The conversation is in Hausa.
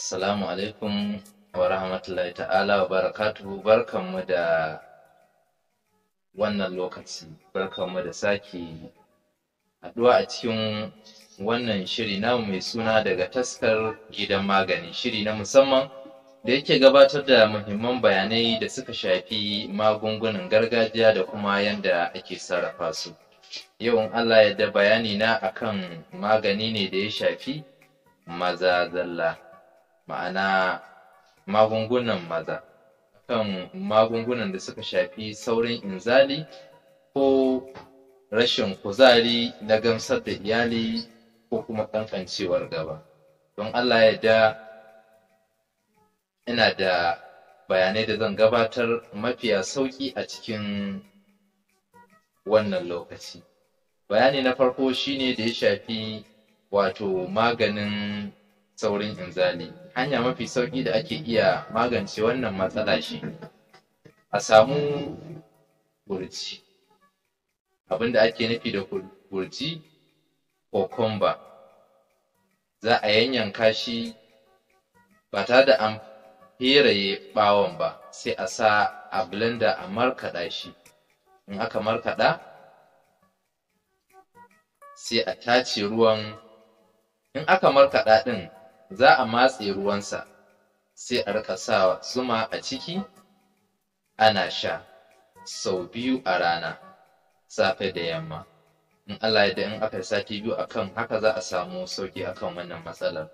Assalamu alaikum wa rahmatullahi ta'ala wa barakatuhu barkanmu da wannan lokaci barkanmu da sake haɗuwa a cikin wannan shiri namu mai suna daga taskar gidan magani shiri na musamman da yake gabatar da muhimman bayanai da suka shafi magungunan gargajiya da kuma yadda ake sarrafa su yau in Allah yadda bayani na akan magani ne da ya shafi maza zalla ma'ana magungunan maza kan magungunan da suka shafi saurin inzali ko rashin kuzari na gamsar da iyali ko kuma kankancewar gaba don allah ya da ina da bayanai da zan gabatar mafiya sauƙi a cikin wannan lokaci bayani na farko shine da ya shafi wato maganin saurin inzali hanya mafi sauƙi da ake iya magance wannan matsala shi a samu Abin da ake nufi da ko kokumba za a yanyanka shi ba tare da an feraye ɓawon ba sai a sa a blender a markaɗa shi in aka markaɗa sai a tace ruwan in aka markaɗa ɗin za a matse ruwansa sai a rika sa zuma a ciki ana sha sau biyu a rana safe da yamma in Allah ya da in aka sati biyu akan haka za a samu sauki akan wannan matsalar